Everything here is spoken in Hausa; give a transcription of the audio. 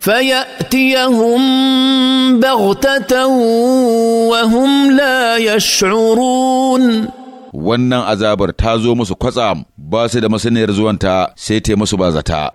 فياتيهم بغته وهم لا يشعرون wannan azabar ta zo musu kwatsam ba su da masaniyar zuwanta sai ta musu bazata